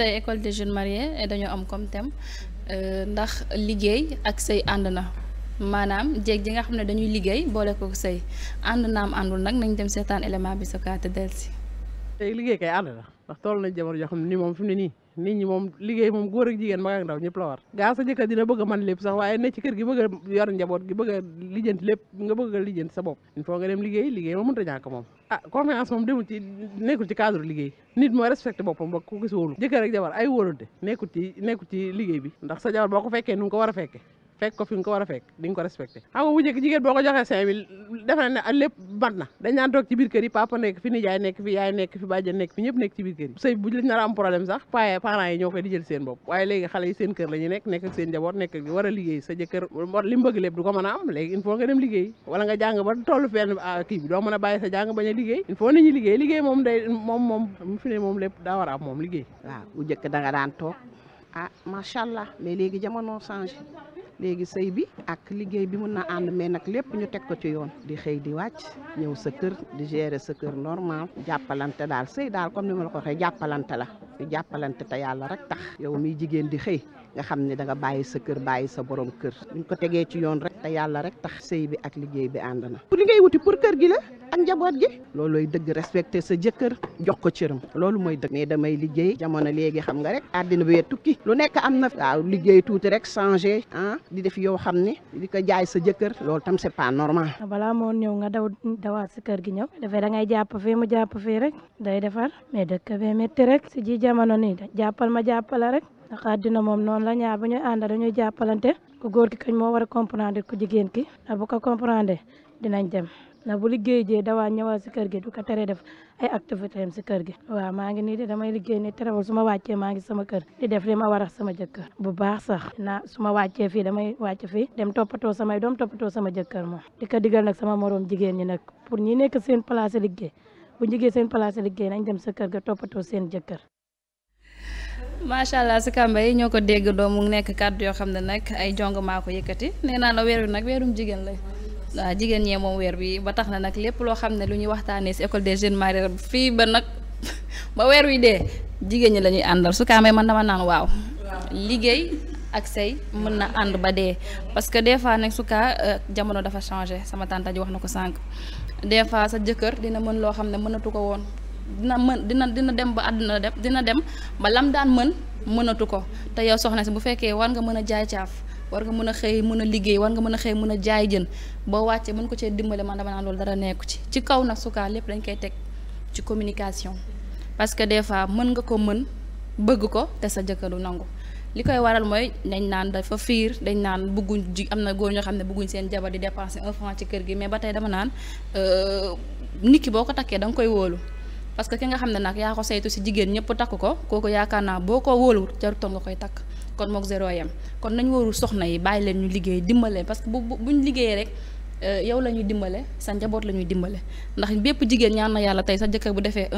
tey école des jeunes mariés dañoo am comme thème euh, ndax liggéey ak sëy ànd na maanaam jéeg ji nga xam ne dañuy liggéey boole ko sëy ànd naam àndul nag nañ dem seetaan élément bi sa kaate delsi tey liggéey kay ànd na ndax toll nañ jamono yoo xam ne moom fi ne nii nit ñi moom liggéey moom góor ak jigéen mag ak ndaw ñëpp la war gaa sa jëkkër dina bëgg a man lépp sax waaye ne ci kër gi bëgg a yor njaboot gi bëgg a lépp nga bëgg a sa bopp il faut nga dem liggéey moom ah confiance moom demul ci nekkul ci cadre liggéey nit mooy respecté boppam ba ku gis wóolu jëkkër ak jabar ay wóolante nekkul ci nekkul ci liggéey bi ndax sa jabar boo ko fekkee nu nga ko war a fekkee fekk ko fi nga ko war a fekk di nga a respecté xam nga bu njëkk jigéen boo toog ci biir papa nekk fi nijaay nekk fi yaay nekk fi bàjjen nekk fi ñëpp nekk ci biir kër a am problème sax paye parents yi ñoo koy di seen bopp waaye léegi xale yi seen kër la nekk nekk seen njaboot nekk ak a liggéey sa jëkkër li mu bëgg lépp du ko mën a am ah, a bàyyi sa jàng a liggéey il faut nit ñi liggéey liggéey moom moom moom mu fi ne moom lépp daa war a am moom liggéey waaw bu njëkk da nga daan toog ah macha allah mais léegi jamono changé léegi sëy bi ak liggéey bi mun na ànd mais nag lépp ñu teg ko ci yoon di xëy di wàcc ñëw sa kër di gere sa kër normal jàppalante daal sëy daal comme ni ma la ko waxee jàppalante la ñu jàppalante te yàlla rek tax yow miy jigéen di xëy nga xam ne da nga bàyyi sa kër bàyyi sa borom kër buñ ko tegee ci yoon rek te yàlla rek tax sëy bi ak liggéey bi ànd na li ngay wuti pour kër gi la ak njaboot gi sa jëkkër jox ko cëram loolu mooy dëgg da damay liggéey jamono léegi xam nga rek àddina bi tukki lu nekk am na waaw liggéey tuuti rek changé ah di def yow xam ne di ko jaay sa jëkkër loolu tam c'est pas normal ah, balaa moo ñëw nga daw dawaat si kër gi ñëw dafay da ngay jàpp fii mu jàpp fii rek day defar mais dëkk bee métti rek si ji ndax dina moom noonu la ñaar bu ñu ànd dañuy jàppalante ku góor ki kañ moo war a comprendre ku jigéen ki ndax bu ko comprendre dinañ dem ndax bu liggéey jee dawaa ñëwal si kër gi du ko teree def ay activité am si kër gi waaw maa ngi nii de damay liggéey nii terewul su ma wàccee maa ngi sama kër di def li ma war a sama jëkkër bu baax sax naa su ma wàccee fii damay wàcc fii dem toppatoo samay doom toppatoo sama jëkkër moom di ko digal nag sama moroom jigéen ñi nag pour ñi nekk seen place liggéey bu jigéen seen place liggéey nañ dem sa kër ga toppatoo seen jëkkër macha allah si kàmba yi ñoo ko dégg doom mu nekk kàddu yoo xam ne nag ay jong maa ko yëkkati nee naa la weer wi nag weerum jigéen la waaw jigéen ñee moom weer bi ba tax na nag lépp loo xam ne lu ñuy waxtaanee si école des jeunes mariés fii ba nag ba weer wi dee jigéen ñi la ñuy àndal su kaamee man dama naan waaw liggéey ak say mën na ànd ba dee parce que des fois nag su euh, jamono dafa changé sama tànta wax na ko sànq des fois sa jëkkër dina mën loo xam ne mënatu ko woon dina mën dina dina dem ba àdduna def dina dem ba lam daan mën mënatu ko te yow soxna si bu fekkee war nga mën a jaay caaf war nga mën a xëy mën a liggéey war nga mën a xëy mën a jaay jën boo wàccee mën ko cee dimbale man dama naan loolu dara nekku ci ci kaw nag su kaa lépp dañ koy teg ci communication parce que des fois mën nga ko mën bëgg ko te sa jëkkëru nangu li koy waral mooy dañ naan dafa fiir dañ naan bëgguñ ji am na góor ñoo xam ne bëgguñ seen jabar di dépenser un franc ci kër gi mais ba tey dama naan euh, nit ki boo ko takkee da nga koy wóolu parce que ki nga xam ne nag yaa ko saytu si jigéen ñëpp takk ko kooku yaakaar naa boo ko wóoluwut jarutoon nga koy takk kon mook zéro yam kon nañu warul soxna yi bàyyi leen ñu liggéey dimbale parce que bu buñ liggéeyee rek euh, yow la ñuy dimbale sa njaboot la ñuy dimbale ndax bépp jigéen ñaan na yàlla tey sa jëkkër bu defee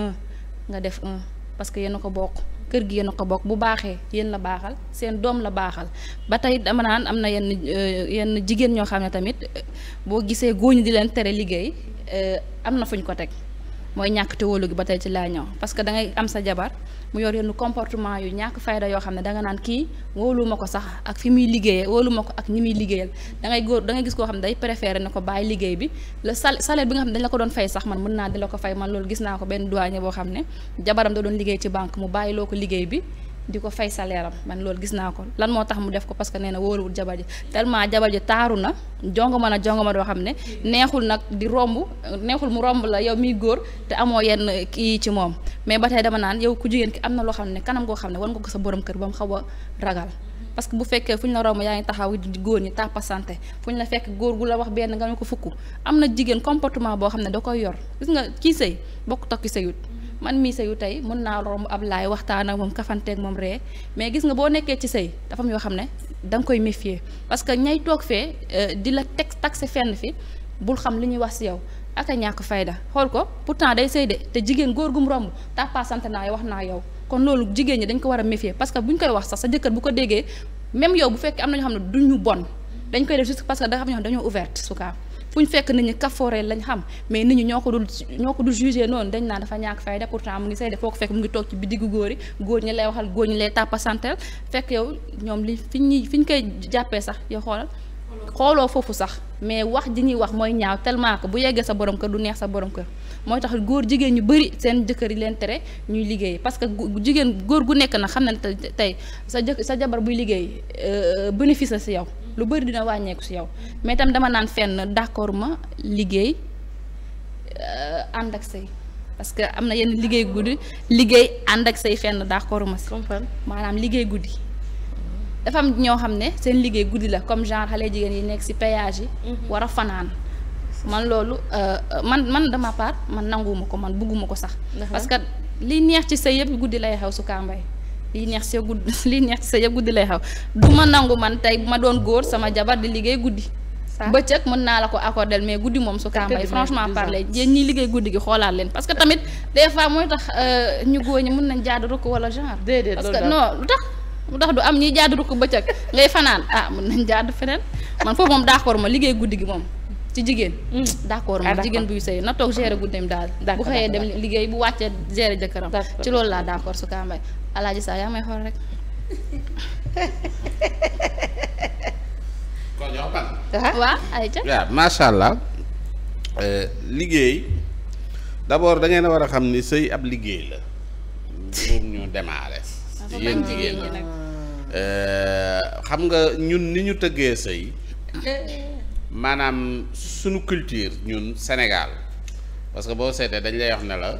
nga def un parce que yéen a ko bokk kër gi yéen a ko bokk bu baaxee yéen la baaxal seen doom la baaxal ba tey dama naan am na yenn euh, yenn jigéen ñoo xam ne tamit euh, boo gisee góoñu di leen tere liggéey am na fu ko teg mooy ñàkk te wóolu gi ba tey ci laa ñëw parce que ngay am sa jabar mu yor yenn comportement yu ñàkk fayda yoo xam ne da nga naan kii wóolu ma ko sax ak fi muy liggéeye wóolu ma ko ak ñi muy liggéeyal da ngay góor da gis koo xam ne day préféré na ko bàyyi liggéey bi le sal salaire bi nga xam ne dañ la ko doon fay sax man mën naa di la ko fay man loolu gis naa ko benn douanier boo xam ne jabaram da doon liggéey ci banque mu bàyyi loo ko liggéey bi di ko fay sa am man loolu gis naa ko lan moo tax mu def ko parce que nee na wóoruwul jabar ji tellement jabar ji taaru na jongo mën a jongo ma doo xam ne neexul nag di romb neexul mu romb la yow miy góor te amoo yenn kii ci moom mais ba tey dama naan yow ku jigéen ki am na loo xam ne kanam goo xam ne nga ko sa borom kër ba xaw a ragal parce bu fekkee fu ñu la yaa ngi taxaw di góor ñi tàppa santé fu la fekk góor gu wax benn nga ñu ko fukk am na jigéen comportement boo xam ne da koy yor gis nga kii sëy bokk tokki sëyut man mii yu tey mën naa romb ab laay waxtaan ak moom kafanteeg moom ree mais gis nga boo nekkee ci sëy dafa am yoo xam ne da koy méfier parce que ñay toog fee euh, di la teg taxe fenn fi bul xam li ñuy wax si yow ak a ñàkk xool ko pourtant day sëy de te jigéen góor gum romb tàppaa wax naa yow kon loolu jigéen ñi dañ ko war a méfier parce que bu ñu koy wax sax sa jëkkër bu ko déggee même yow bu fekkee am na ñoo xam ne du ñu bon dañ koy def juste parce que am ñoo xam ne dañoo ouverte su fu ñu fekk nit ñi kafooreel lañ xam mais nit ñi ñoo ko dul ñoo ko dul jugé noonu dañ naa dafa ñàkk fayda pourtant mu ngi say de foo ko fekk mu ngi toog ci bidigu góor yi góor ñi lay waxal góor ñi lay tàppasanteel fekk yow ñoom li fi ñuy fi ñu koy jàppee sax yow xoolal xooloo foofu sax mais wax ji ñuy wax mooy ñaaw tellement que bu yeggee sa borom kër du neex sa borom kër mooy tax góor jigéen ñu bëri seen jëkkër yi leen tere ñuy liggéey parce que jigéen góor gu nekk na xam tey sa sa jabar buy liggéey euh, bénéfice la si yow lu bëri dina wàññeeku si yow mais tam dama naan fenn d'accord ma liggéey euh, ànd ak sëy parce que am na yenn liggéey guddi liggéey ànd ak say fenn d'accord ma si maanaam liggéey guddi dafa ñoo xam ne seen liggéey guddi la comme genre xale jigéen yi nekk si péage yi mhm. war a fanaan man loolu euh, man man dama part man nanguwuma ko man bugguma ko sax parce que li neex ci sëy yëpp guddi lay xew su kaambay lii neex sa gudd lii neex sa ya guddi lay xaw du ma nangu man tey ma doon góor sama jabar di liggéey guddi bëccëg mën naa la ko accordel mais guddi moom su kambay franchement parler yéen ñi liggéey guddi gi xoolaat leen parce que tamit des fois mooy tax euh, ñu góor ñi mën nañ jaadu rek wala genre déedéet parce que non lu tax lu tax du am ñiy jaadu rek bëccëg ngay fanaan ah mën nañ jaadu feneen man foofu moom d'accord ma liggéey guddi gi moom ci jigéen. Mm, d'accord moom jigéen buy sëy na toog gérer guddeem daal. bu xëyee dem liggéey bu wàccee gérer jëkkëram. ci loolu laa d'accord su kaa alaaj alaaji saa yaa may xool rek. kon yow ban. waaw macha allah eh, liggéey d'abord da ngeen a war a xam ni sëy ab liggéey la. moom ñu démarrer. Ah, yéen jigéen la eh, xam nga ñun ni ñu tëggee sëy maanaam suñu culture ñun Sénégal parce que boo seetee dañ lay wax ne la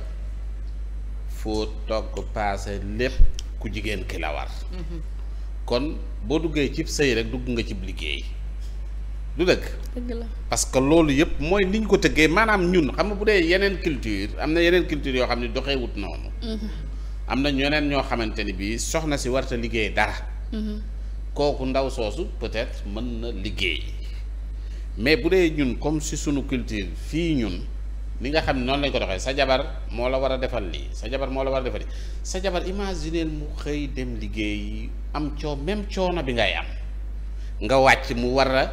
foo togg paase lépp ku jigéen ki la war mhm. kon boo duggee cib sëy rek dugg nga cib liggéey du dëgg dëgg parce que loolu yëpp mooy ni ñu ko tëggee maanaam ñun xam nga bu dee yeneen culture am na yeneen culture yoo xam ne doxeewut noonu mhm. am na ñeneen ñoo xamante ni bii soxna si warta liggéey dara mhm. kooku ndaw soosu peut-être mën na liggéey mais bu dee ñun comme si suñu culture fii ñun li nga xam ne noonu lañ ko doxee sa jabar moo la war a defal lii sa jabar moo la war a defal lii sa jabar imaginer mu xëy dem liggéey am coo même coono bi ngay am nga wàcc mu war a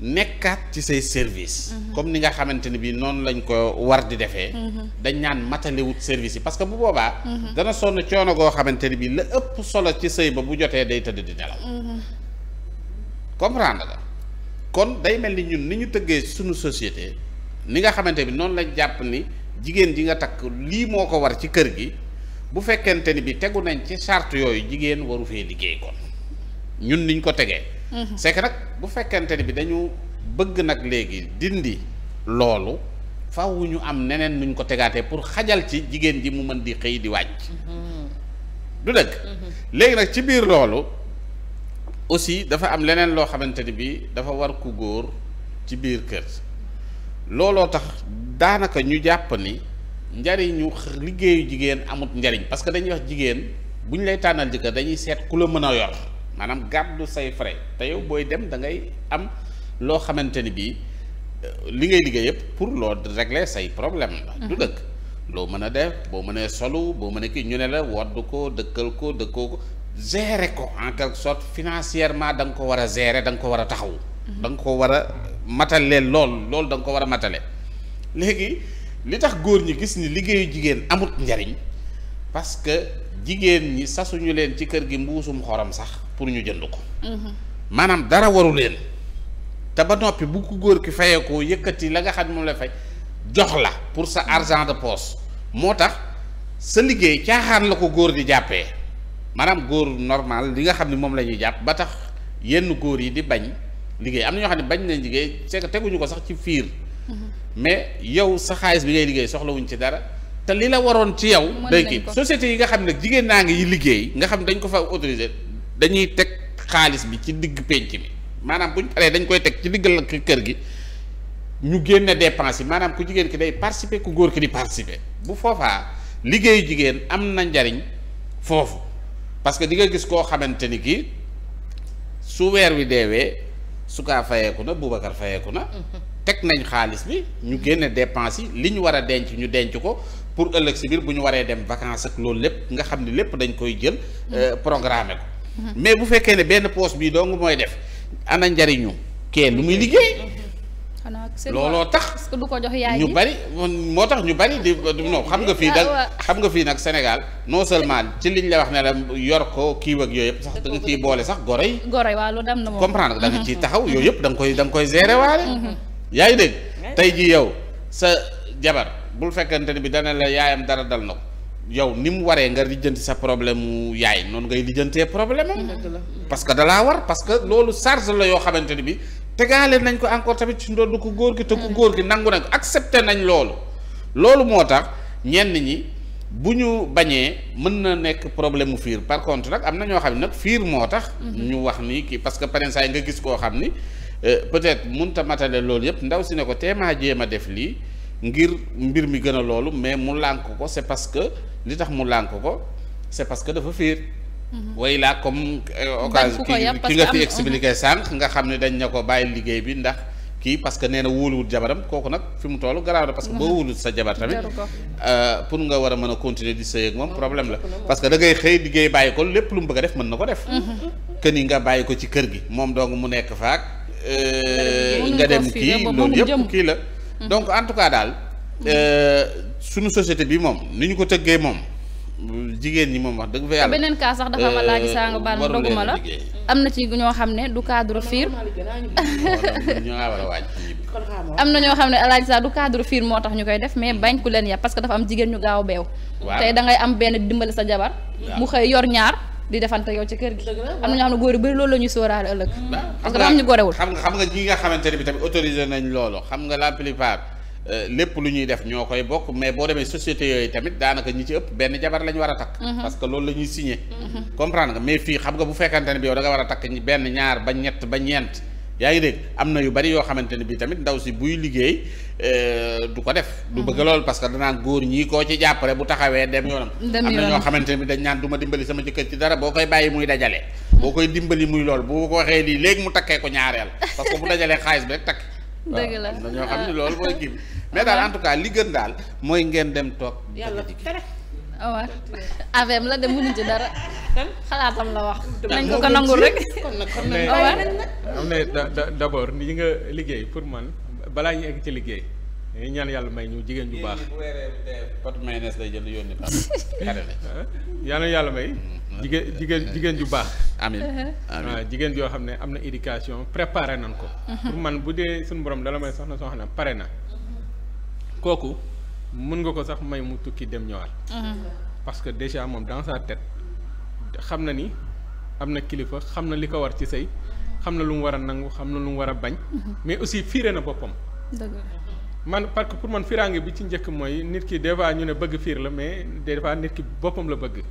nekkaat ci say service mhm. comme ni nga xamante ni bi noonu lañ ko war di defee mhm. dañ naan wut service yi parce que bu boobaa mhm. dana sonn coono goo xamante ni bi la ëpp solo ci sëy ba bu jotee day tëdd di nelaw comprendre la kon day mel ni ñun ni ñu tëggee suñu société ni nga xamante bi noonu lañ jàpp ni jigéen ji nga takk lii moo ko war ci kër gi bu fekkente ni bi tegu nañ ci charte yooyu jigéen waru fee liggéey kon ñun niñ ko tegee mhm. c'est que nag bu fekkente ni bi dañu bëgg nag léegi dindi loolu faaw ñu am neneen nuñ ko tegaatee pour xajal ci jigéen ji mu mën di xëy di wàcc mhm. du dëgg mhm. léegi nag ci biir loolu aussi dafa am leneen loo xamante ni bii dafa war ku góor ci biir kër looloo tax daanaka ñu jàpp ni njariñu liggéeyu jigéen amut njariñ parce que dañuy wax jigéen bu ñu lay tànnal jëkkër dañuy seet ku la mën a yor maanaam gàddu say frais te yow booy dem da ngay am loo xamante ni bii euh, li ngay liggéey yëpp pour loo régler say problème la du mm-hmm. dëkk loo mën a def boo mën mënee solu boo mën a kii ñu ne la wodd ko dëkkal ko dëkkoo ko gérer ko en quelque sorte financièrement da nga ko war a gérer da nga ko war a taxawu. danga nga ko war a matale lool lool da nga ko war a matale. léegi li tax góor ñi gis ni liggéeyu jigéen amut njariñ parce que jigéen ñi sasuñu leen ci kër gi mbuusum xorom sax pour ñu jënd ko. maanaam dara waru leen. te ba noppi bu ko góor ki fayee ko yëkkati la nga xam moom la fay jox la pour sa argent de poche moo tax sa liggéey caaxaan la ko góor di jàppee. maanaam góor normal li nga xam ne moom la ñuy jàpp ba tax yenn góor yi di bañ liggéey am na ñoo xam ne bañ nañ liggéey c'est teguñu ko sax ci fiir mm-hmm. mais yow sa xaalis bi ngay liggéey soxlawuñ ci dara te li la waroon ci yow day kii société yi nga xam ne jigéen naa ngi yi liggéey nga xam ne dañ ko fa autorisé dañuy teg xaalis bi ci digg pénc mi maanaam buñ paree dañ koy teg ci digg la kër gi ñu génne dépense yi maanaam ku jigéen ki day participer ku góor ki di participer bu foofaa liggéeyu jigéen am na njariñ foofu parce que di nga gis koo xamante ni kii su weer wi deewee sukaa fayeeku na Boubacar fayeeku na teg nañ xaalis bi ñu génne depense yi li ñu war a denc ñu denc ko pour ëllëg si biir bu ñu waree dem vacances ak loolu lépp nga xam ni lépp dañ koy jël euh, mm-hmm. programme ko mm-hmm. mais bu fekkee ne benn poste bii dong mooy def ana njariñu kee lu muy liggéey mm-hmm. looloo tax ñu bari moo tax ñu bari di non xam nga fii dal xam nga fii nag Sénégal noo seulement ci liñ la wax ne la yor ko kii ak yooyu yëpp sax da nga ciy boole sax goro yi comprendre da nga ciy taxaw yooyu yëpp da koy da nga koy gérer waale yaa ngi dégg tey ji yow sa jabar bul fekkante ne bi dana la yaayam dara dal na ko yow ni mu waree nga lijjanti sa problème mu yaay noonu ngay lijjantee problème am parce que dalaa war parce que loolu charge la yoo xamante ni bi tegaale nañ ko encore tamit ci ndodd ku góor gi te ku góor gi nangu nañ ko accepté nañ loolu loolu moo tax ñenn ñi bu ñu bañee mën na nekk problème mu fiir par contre nag am na ñoo xam ne nag fiir moo tax mhm. ñu wax ni kii parce que parrainage nga gis koo xam ni euh, peut-être mënut a loolu yëpp ndaw si ne ko teemaa jéem a def lii ngir mbir mi gëna loolu mais mu lànk ko c'est parce que li tax mu lànk ko c'est parce que dafa fiir Mhm. way laa comme euh, occasion ki nga fi expliqué sànq nga xam ne dañ ne ko bàyyi liggéey bi ndax kii parce que nee na wóoluwut jabaram kooku nag fi mu toll garaaw na parce que boo mhm. sa jabar euh, pour nga war a mën a continuer di sëy moom oh, problème la parce que da ngay xëy liggéey bàyyi ko lépp lu mu bëgg a def mën na ko def mhm. que ni nga bàyyi ko ci kër gi moom donc mu nekk faak euh, nga dem kii loolu yëpp kii la donc en tout cas daal suñu société bi moom ni ñu ko tëggee moom jigéen ñi moom wax dëgg fa yàlla beneen cas sax dafa ma laaj saa nga baal ma doguma la am na ci ñoo xam ne du cadre fiir am na ñoo xam ne alaaji saa du cadre fiir moo tax ñu koy def mais bañ ku leen yàpp parce que dafa am jigéen ñu gaaw beew tey da am benn dimbali sa jabar mu xëy yor ñaar di defante yow ci kër gi am na ñoo xam ne góor yu loolu la ñuy sóoraale ëllëg parce que dafa am ñu gorewul xam nga xam nga ñi nga xamante ne bi tamit autorisé nañ loolu xam nga la plupart Euh, lépp lu ñuy def ñoo koy bokk mais boo demee société yooyu tamit daanaka ñi ci ëpp benn jabar la war a takk mhm. parce loolu la ñuy signé mhm. comprendre nga mais fii xam nga bu fekkante ne bi yow da nga war a takk ba ñett ba ñeent yaa ngi na yu bari yoo xamante ne bii tamit ndaw si buy liggéey euh, du ko def du bëgg mhm. lool parce que danaan góor ñii koo ci jàppale bu taxawee dem yoonam am na ñoo xamante ne bi dañ naan du ma dimbali sama jëkkër ci dara boo koy bàyyi muy dajale boo koy dimbali muy lool bu ko waxee lii léegi mu takkee ko ñaareel parce que bu dajalee xaalis bi rek takk dëgg la waaw ñoo xam ne ah. loolu mooy kii mais daal en tout cas li gën daal mooy ngeen dem toog. yàlla tere. waaw ah affaire la de mënuñ ci dara. xalaatam la wax. nañ ko ko nangul rek. kon nag kon nag am ah na d'abord nga liggéey pour man balaa ñu egg ci liggéey. dañuy ñaan yàlla may ñu jigéen ju baax. pot mayonnaise lay jël yónni yàlla may. Hmm. jigéen euh, jigéen euh, jigéen ju baax. amiin uh-huh. amiin jigéen joo xam ne am na éducation préparé nañ ko. Uh-huh. pour man bu dee suñu borom dala may soxna soo xam ne pare na. kooku mën nga ko sax may mu tukki dem ñëwaat. Uh-huh. parce que déjà moom dans sa tête xam na ni am na kilifa xam na li ko war ci sëy xam na lu mu war a nangu xam na lu mu war a bañ. mais aussi fiire na boppam. dëgg man parce que pour man firange bi ci njëkk mooy nit ki des fois ñu ne bëgg fiir la mais des fois nit ki boppam la bëgg.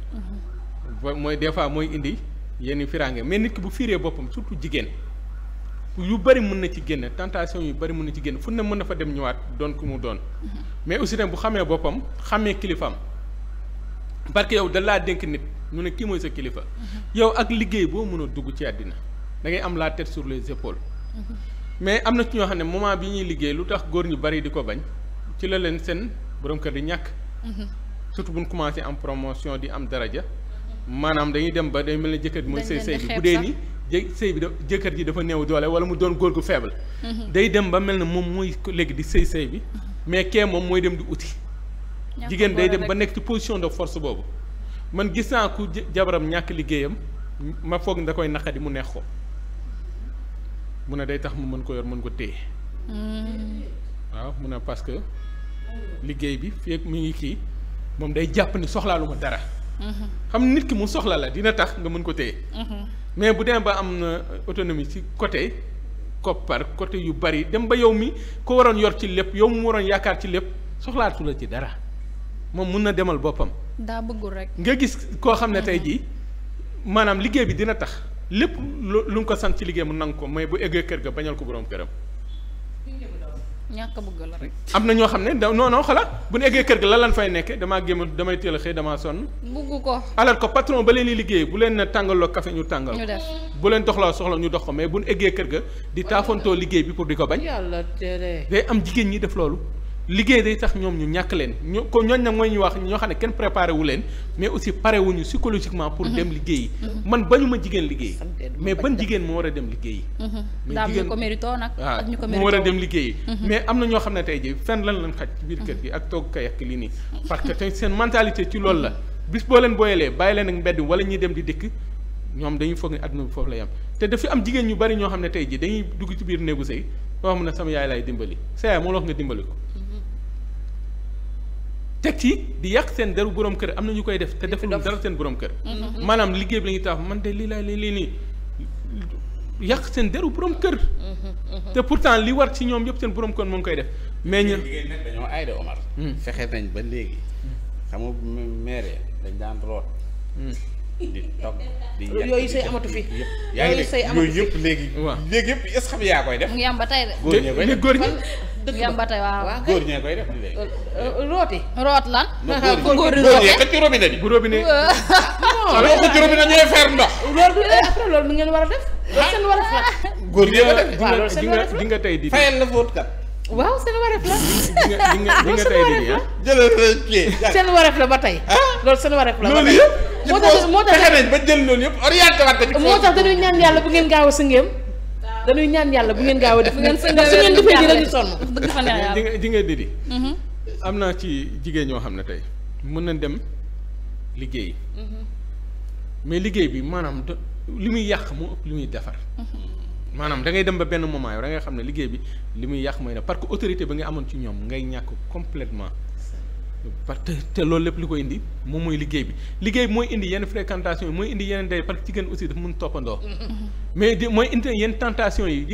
mooy des fois mooy indi yenn firaange mais nit ki bu fiiree boppam surtout jigéen yu bëri mën na ci génn tentation yu bëri mën na ci génn fu ne mën na fa dem ñëwaat doon ku mu doon mm-hmm. mais aussi tam bu xamee boppam xamee kilifaam parce que yow da laa dénk nit mu ne kii mooy sa kilifa mm-hmm. yow ak liggéey boo mën a dugg ci àddina dangay am la tête sur les épaules mm-hmm. mais am na ci ñoo xam ne moment bi ñuy liggéey lu tax góor ñu bari di ko bañ ci la leen seen borom di ñàkk surtout buñ commencé am promotion di am daraja maanaam dañuy dem ba day mel ne jëkkër bi mooy sëy sëy bi bu dee bi da jëkkër ji dafa néew doole wala mu doon góor gu feebal mm-hmm. day dem ba mel ne moom mooy léegi di sëy sëy bi mm-hmm. mais kee moom dem di uti jigéen day dem ba nekk ci position de force boobu man gis naa ku jabaram ñàkk liggéeyam ma foog ne da koy naqadi mu neex ko mu ne day tax mu mën ko yor mën ko téye mm. waaw mun na parce que liggéey bi fii ak ngi kii moom day jàpp ni soxlaalu ma dara xam nit ki mu soxla la dina tax nga mun ko téye. mais bu dee ba am na autonomie ci côté koppar côté yu bari dem ba yow mi ko waroon yor ci lépp yow mu waroon yaakaar ci lépp soxlaatu la ci dara moom mun na demal boppam. daa bëggul rek. nga gis koo xam ne mhm. tey jii maanaam liggéey bi dina tax lépp lu nga ko sant ci liggéey mu nangu ko mais bu eggee kër ga bañal ko borom këram. ñàkk bëgg la rek. am na ñoo xam ne non non xala bu ñu eggee kër ga lan lan fay nekke damaa gémmal damay teel dama xëy damaa sonn. bugg ko alors que patron ba leen di liggéey bu leen tàngaloo kafe ñu tàngal. ñu def bu leen doxlaa soxla ñu dox ko mais bu ñu eggee kër ga di taafantoo liggéey bi pour di ko bañ. yàlla tere day am jigéen ñi def loolu. liggéey day tax ñoom ñu ñàkk leen ñu ko ñooñ nag mooy ñu wax ñoo xam ne kenn préparé wu leen mais aussi pare wuñu psychologiquement pour mhm. dem liggéeyi. Mhm. man bañu ma jigéen liggéeyi. mais ban jigéen moo war a dem liggéeyi. Mhm. mais a dem liggéeyi. mais am na ñoo xam ne tey jii fenn lan lañ xaj ci biir kër gi ak togg kay ak lii nii. parce que seen mentalité ci loolu la bis boo leen booyalee bàyyi leen ak mbedd wala ñuy dem di dikk ñoom dañuy foog ne àdduna bi foofu la yam te dafa am jigéen ñu bari ñoo xam ne tey jii dañuy dugg ci biir néegu teg ci di yàq seen deru borom kër am na ñu koy def te deful dara seen borom kër mm-hmm. maanaam liggéey bi la ñuy taaf man de lii laa lii lii nii yàq seen deru borom kër mm-hmm. te pourtant li war ci ñoom yëpp seen borom kër moo ngi koy def mais ñu liggéey nag dañoo aay hmm. nañ ba léegi xam nga dañ daan di togg di yooyu say amatu fi yooyu say amatu fi yëpp léegi léegi yëpp est xam yaa koy def mu ngi am ba tey de góor ñee koy def góor ñi dëgg yam ba tey waaw góor ñee koy def léegi rooti root lan góor ñee xëcc robinet bi bu robinet loo xëcc ngeen war a def loolu seen war a def góor ñee ko di nga tey di fayal la fóot ka waaw seen wareef la. di nga di nga tey di ah. seen wareef la ba tey. Ah? loolu seen wareef la ba tey. moo tax moo tax ba jël loolu yëpp orienté waat ko. moo tax dañuy ñaan yàlla bu ngeen gaaw a sëngeem. dañuy ñaan yàlla bu ngeen gaaw a def. ngeen sëngeem su ngeen defee dinañu sonn. dëgg fa neex yàlla di nga di mm-hmm. am naa ci jigéen ñoo xam ne tey mën na dem liggéey mm-hmm. mais liggéey bi maanaam li muy yàq mu ëpp li muy defar. Mm-hmm. maanaam da ngay dem ba benn moment yow da ngay xam ne liggéey bi li muy yàq mooy ne parce que autorité bi nga amoon ci ñoom ngay ñàkk complètement parce que te loolu lépp li ko indi moom mooy liggéey bi liggéey bi mooy indi yenn fréquentation yi mooy indi yenn day parce que jigéen aussi dafa mun toppandoo mm-hmm. mais di mooy indi yi yi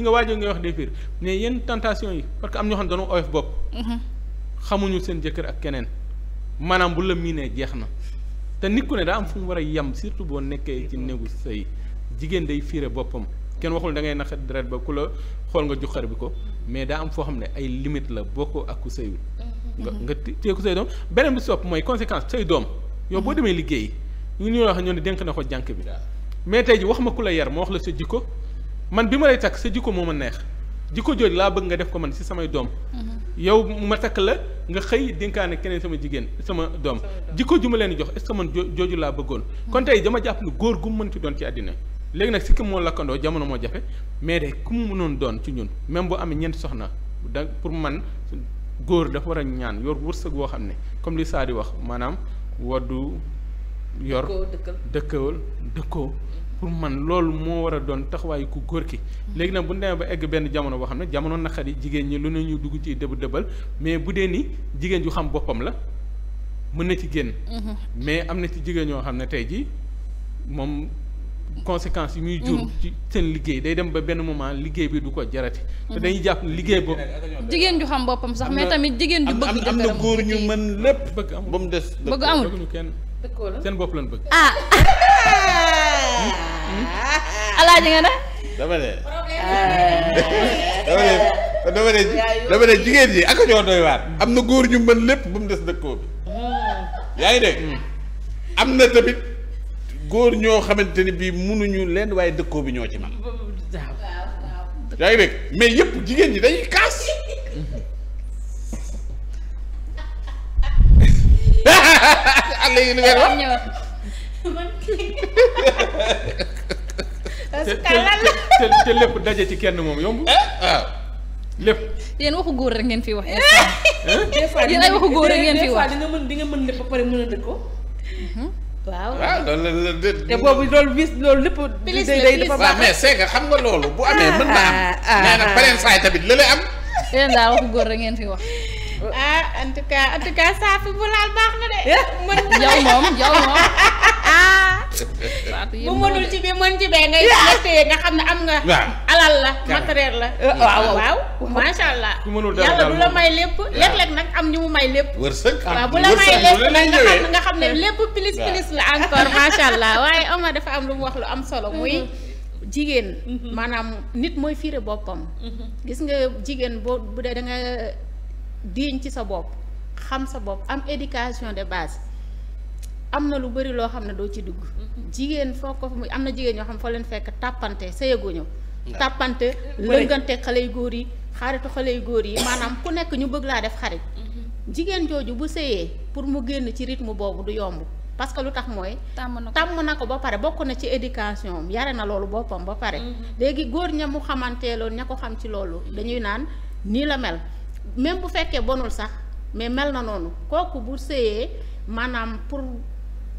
nga yenn tentation yi parce que am ñoo xam ne oyof bopp mm-hmm. xamuñu seen jëkkër ak keneen maanaam bu la miinee jeex na te n ku ne daa war a yem surtout boo nekkee ci néegu sëy jigéen day fiire kenn waxul da ngay nax deret ba ku la xool nga juxar bi ko mais daa am foo xam ne ay limite la boo ko ak sëyul nga nga téye ku say doom beneen bi sopp mooy conséquence say doom yow boo demee liggéey ñu ñuy wax ñoo ne dénk na ko jànq bi mais tey ji wax ma ku la yar ma wax la sa jikko man bi ma lay takk sa jikko moo ma neex jikko jooj laa bëgg nga def ko man si samay doom mm-hmm. yow ma takk la nga xëy dénkaane keneen sama jigéen sama doom jikko ju ma leen jox est-ce que man jooju laa bëggoon mm-hmm. kon tey dama jàpp ne góor gu mu mën ci doon ci àddina léegi nag sikkim moo lakkandoo jamono moo jafe mais de ku mu mënoon doon ci ñun même bu amee ñeent soxna da pour man góor dafa war a ñaan yor wërsëg woo xam ne comme li saa di wax maanaam waddu yor dëkkawal dëkkoo pour man loolu moo war a doon taxawaayu ku góor ki léegi nag bu ñu demee ba egg benn jamono boo xam ne jamono naqar yi jigéen ñi lu ne ñu dugg ci dëbb dëbbal mais bu dee ni jigéen ju xam boppam la mën na ci génn mhm. mais am na ci jigéen ñoo xam ne tey ji conséquences yu muy jur. Mm-hmm. ci seen liggéey day dem ba benn moment liggéey bi du ko jarati. Mm-hmm. te dañuy jàpp liggéey boobu. jigéen ju xam boppam sax mais tamit jigéen ju bëgg. am na góor ñu mën lépp. bëgg amul ba mu des. bëgg amul bëgguñu kenn. dëkkoo la seen bopp lañ bëgg. ah. Hmm? Hmm? alaaji nga ne. dama ne. dama ne dama jigéen ji ak ñoo doy waar. am na góor ñu mën lépp ba mu des dëkkoo bi. Hmm. yaa ngi am na tamit. góor ñoo xamante ni bii mënuñu leen waaye dëkkoo bi ñoo ci man yaa ngi dégg mais yëpp jigéen ñi dañuy kaas léegi wax te te lépp daje ci kenn moom yomb waaw eh? ah. lépp yéen waxu góor rek ngeen fi wax des eh? fois yéen ay góor rek ngeen fi wax di nga mën di nga mën lépp ba pare mën a dëkkoo mhm. waaw waaw ah, loolu la la te boobu loolu bis loolu lépp. pilis la day baax mais c'est xam nga loolu. bu amee ah, mën naa am mais ah, nag saay tamit la lay am. yéen daal waxu góor la ngeen fi wax. ah en tout cas en tout cas saa fi bu laal baax na de. Eh, man yow moom yow moom. bu mënul ci bi mën ci bee ngay téye nga xam ne am nga. alal la matériel la. waaw waaw macha allah. yàlla du la may lépp léeg-léeg nag am ñu mu may lépp. wërsëg waaw bu la may lépp nag nga xam nga xam ne lépp pilis pilis la encore macha allah waaye Omar dafa am lu mu wax lu am solo muy. Mm-hmm. jigéen mm-hmm. maanaam nit mooy fiire boppam mm-hmm. gis nga jigéen boo bu dee da nga diiñ ci sa bopp xam sa bopp am éducation de base am na lu bari loo xam ne doo ci dugg mhm. jigéen foo ko mu am na jigéen ñoo xam foo leen fekk tàppante sa yëgoo ñëw tàppante lëngante xale yu góor yi xaritu xale yu góor yi maanaam ku nekk ñu bëgg laa def xarit mhm. jigéen jooju bu sëyee pour mu génn ci rythme boobu du yomb parce que lu tax mooy tàmm na ko ba pare bokk na ci éducation yare na loolu boppam ba pare mhm. léegi góor ña mu xamantee loolu ña ko xam ci loolu dañuy naan nii la mel même bu fekkee bonul sax mais mel na noonu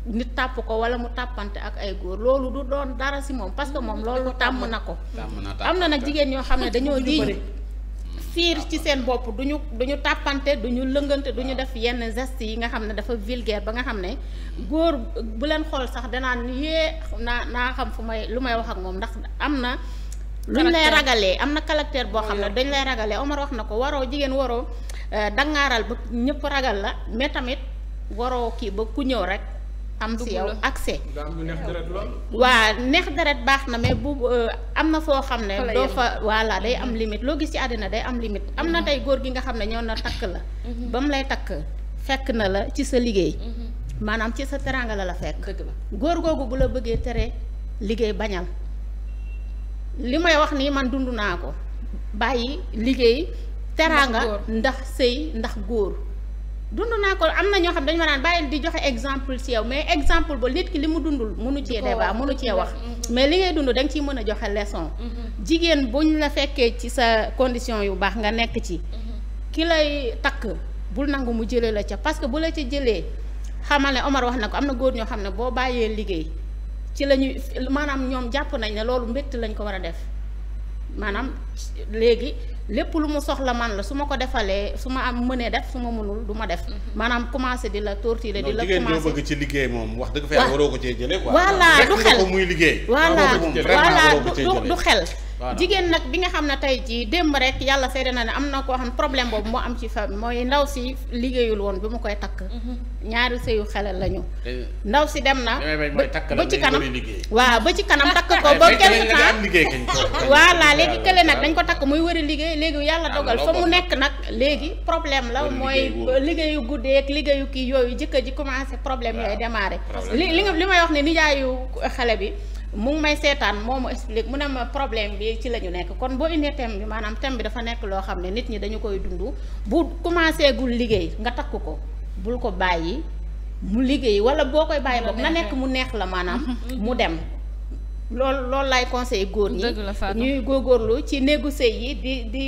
nit tàpp ko wala mu tàppante ak ay góor loolu du doon dara si moom parce que moom mm-hmm. loolu tàmm na ko am na nag jigéen ñoo xam ne dañoo jiiñ fiir ci seen bopp du duñu duñu tàppante du duñu lëngante ñu def yenn geste yi nga xam ne dafa vulgaire ba nga xam ne góor bu leen xool sax danaan yee naa naa xam fu may lu may wax ak moom ndax am na luñ lay ragalee am na caractère boo xam ne dañ lay ragalee Omar wax na ko waroo jigéen waroo eh, dangaaral ba ñëpp ragal la mais tamit waroo kii ba ku ñëw rek am si yow accès. waa neex deret baax na mais bu euh, am na foo xam ne doo fa voilà day am mhm. limite loo gis ci àddina day am limite am na mhm. tey góor gi nga xam ne ñëw na takk la mhm. ba mu lay takk fekk na la ci sa liggéey maanaam ci sa teranga la la fekk góor googu bu la bëggee tere liggéey bañal li may wax nii man dund naa ko bàyyi liggéey teranga ndax sëy ndax góor dund naa ko am na ñoo xam dañ ma naan bàyyil di joxe exemple ci yow mais exemple ba nit ki li mu dundul mënu cee débat mënu cee wax mais li ngay dund da nga mën a joxe leçon mm-hmm. jigéen ñu la fekkee ci sa condition yu baax nga nekk ci mm-hmm. ki lay takk bul nangu mu jëlee la ca parce que bu la ca jëlee xamal ne Omar wax na ko am na góor ñoo xam ne boo bàyyee liggéey ci la ñuy maanaam ñoom jàpp nañ ne loolu mbégte lañ ko war a def maanaam léegi lépp lu mu soxla man la su ma ko defalee su ma am mënee def su ma mënul du ma def mhm. maanaam commencé di la torturer di la commencé ci liggéey moom wax dëgg fa waroo ko cee jëlee quoi voilà du xel muy liggéey voilà voilà du xel jigéen nag bi nga xam ne tey jii démb rek yàlla seede na ne am na koo xam problème boobu moo am ci fa mooy ndaw si liggéeyul woon bi mu koy takk mhm. ñaari sëyu xelal lañu ndaw si dem na ba ci kanam waaw ba ci kanam takk ko ba quelque temps voilà léegi kële nag dañ ko takk muy wëri liggéey léegi yàlla dogal fa mu nekk nag léegi problème la mooy liggéeyu guddeeg liggéeyu kii yooyu jëkkër ji commencé problème yooyu démarré li li may wax ne nijaayu xale bi mu may seetaan moo ma explique mu ne ma problème bi ci la ñu nekk kon boo indee thème bi maanaam thème bi dafa nekk loo xam ne nit ñi dañu koy dund bu commencé gul liggéey nga takk ko bul ko bàyyi mu liggéey wala boo koy bàyyi boog na nekk mu neex la maanaam mm-hmm. mu dem loolu loolu laay conseillé góor ñi ñuy góorgóorlu ci néegu sëy yi di di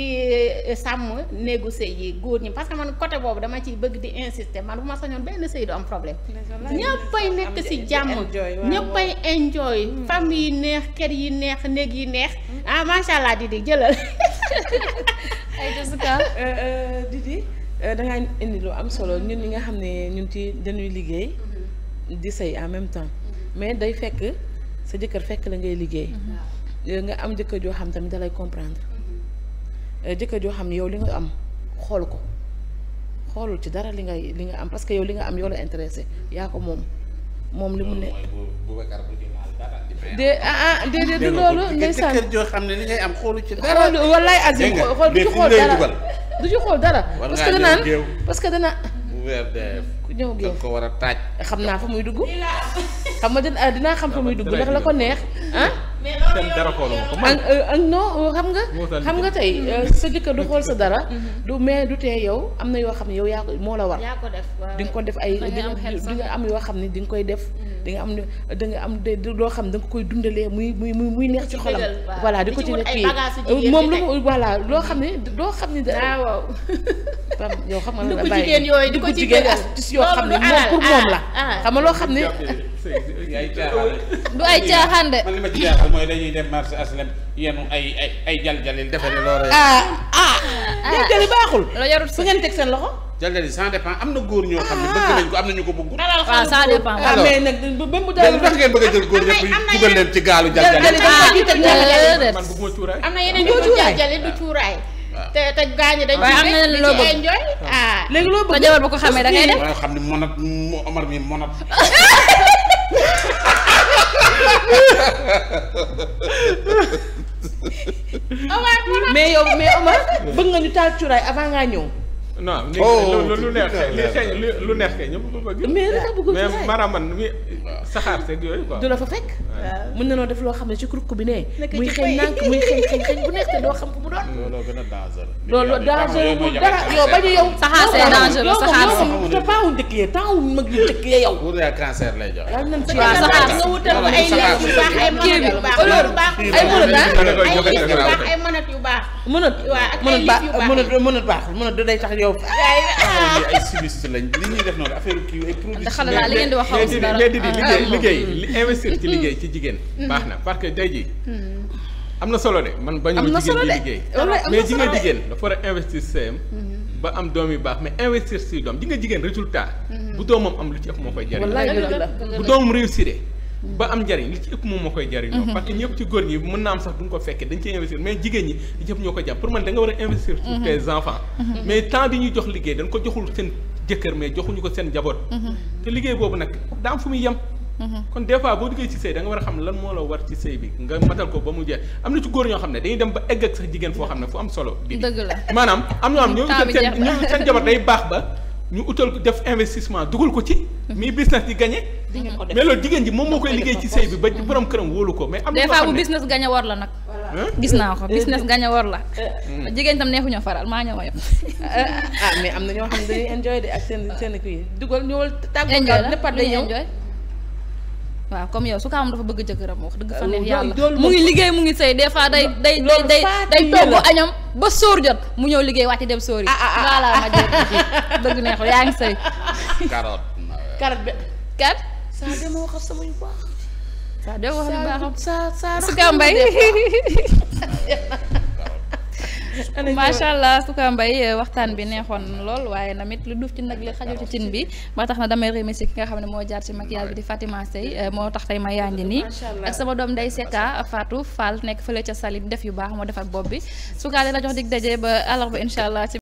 eh, sàmm néegu sëy yi góor ñi parce que man côté boobu dama ciy bëgg di insister man bu ma sañoon benn sëy du am problème ñëppay nekk si jàmm ñëppay enjoy hmm. famille yi neex kër yi neex néeg yi neex hmm. ah macha allah di jëlal ay Jessica euh, euh, Didi euh, dangaa indi lu am solo hmm. ñun ñi nga xam ne ñun ci dañuy liggéey di sëy en même temps mais day fekk sa jëkkër fekk la ngay liggéey mm-hmm. nga am jëkkër joo xam tamit dalay comprendre mm-hmm. eh, jëkkër joo xam ne yow li nga am xool ko xoolul ci dara li nga li nga am parce que yow li nga am yow intéressé yaa ko moom moom li mu ne de ah ah déedéet du loolu ndeysaan jëkkër joo xam ne li ngay am xoolu ci dara xoolu wallaay azim xool du ci xool dara du ci xool dara parce que danaan parce que ñëw ak yow ko war a taaj. xam naa fa muy dugg. xam ma nga dinaa xam fa muy dugg ndax la ko neex ah. kenn dara xoolu ma man ak euh, euh, non euh, xam nga. xam nga tey sa jëkkër du xool sa dara. Mm-hmm. du mais du tee yow am na yoo xam ne yow yaa ko moo la war. yaa ko def di nga ko def ay am yoo xam ne di nga koy def. Mm-hmm. di nga am da nga am loo xam ne da koy dundalee muy muy muy neex ci xolam. voilà di ko ci nekk kii moom lu mu voilà loo xam ne loo xam ne. Ah, waaw. yow xam nga la bàyyi dugg jigéen yooyu di ko ci si yoo xam ne moom pour moom ah, la ah. xam nga loo xam ne. du ay caaxaan de. man li ma ci jaaxal mooy dañuy dem marché aslem yenu ay ay ay jaljalil defale loolu ah, ah ah jaljali baaxul. loo yarut su seen loxo. jaljali ça dépend am na góor ñoo xam ne bëgg ah. ko am ko bëggut. waaw ah, ça dépend alors mais nag a jël góor ñëpp dugal leen ci gaalu jaljali. man bëgguma cuuraay. te te gaañu dañ. waaye am loo bëgg ah léegi loo bëgg. ba jabar ba ko xamee da def. waaw xam ne monat Omar mi monat. Oh, mais yow mais Omar bëgg nga ñu taal cuuraay avant ngaa ñëw. non oh, lu lu neex lu neex kay ñëpp ko bëgg. mais li nga bëggul mais maraman mi saxaar seeg yooyu na noo def loo xam ne ci bi ne. muy xeeñ nànk muy xeeñ xeeñ xeeñ mu doon. looloo loolu danger ba ñu yow. saxaar c'est dangereux saxaar si yow te pas wu dëkk yee temps wu mag yu dëkk yee yow. pour yaay cancer lay jox. waaw saxaar si nga wutal ko ay ah? léeg yu baax ay mënat yu baax. ay mënat yu baax. mënat waaw baax mënat baax mënat tax yow trop. ay sinistre lañ li ñuy def noonu affaire kii ay produits. ndax xanaa li ngeen di wax xaw dara mais ah, liggéey ah, liggéey mm-hmm. investir ci liggéey ci mm-hmm. jigéen. Mm-hmm. baax na parce que tey jii. am na solo de man bañu ma jigéen di liggéey. mais ji nga jigéen dafa war a investir seem ba am doom yu baax mais investir si doom ji nga jigéen résultat. bu doomam am lu ci ëpp moo koy jëriñ. bu doomam réussir ba am njariñ li ci ëpp moom moo koy jariñoo mhm. parce que ñëpp ci góor ñi mën naa am sax duñ ko fekkee dañ ciy investir mais jigéen ñi ñëpp ñoo ko jàpp pour man da nga war a investir mhm. mhm. mais temps bi nga a xam lan moo la war matal ko ba mu jeex am na ci góor ñoo xam ne dañuy dem ba egg ak sax jigéen foo xam ne fu am solo bi dëgg maanaam am ñoo am ñoo seen jabar day baax ba ñu utal def investissement dugal ko ci mais business di gagné. mais loolu jigéen ji moom moo koy liggéey ci sëy bi ba borom këram wóolu ko mais. na des fois bu business gagné war la nag. gis naa ko business gagné war la. Euh, hmm. jigéen tam neexuñoo faral maa ñoo yem. ah mais am na ñoo xam ne dañuy ak seen seen kii dugal ñëwal tàggu kaw lépp day ñëw waaw comme yow su ko am dafa bëgg jëkkëram wax dëgg fa neex euh, yàlla mu ngi liggéey mu ngi sëy des fois day day day day day togg añam ba sóor jot mu ñëw liggéey wàcc dem sóor yi ah, ah, ah, voilà ma jël dëgg neexul yaa ngi sëy karat bi kat. saa dem wax ak sama yu baax. saa dem wax ak baaxam saa saa Souka Mbaye macha allah Souka Mbaye eh, waxtaan bi neexoon lool waaye namit lu duuf ci nag li xajul ci cin bi ba tax na damay remercier ki nga xam ne moo jaar ci maquillage bi di Fatima Sey eh, moo tax tay ma yaa ngi nii ak sama doom day Seka Fatou Fall nekk fële ca Salim def yu baax moo defar bopp bi Souka dina jox dig daje ba àllarba incha allah.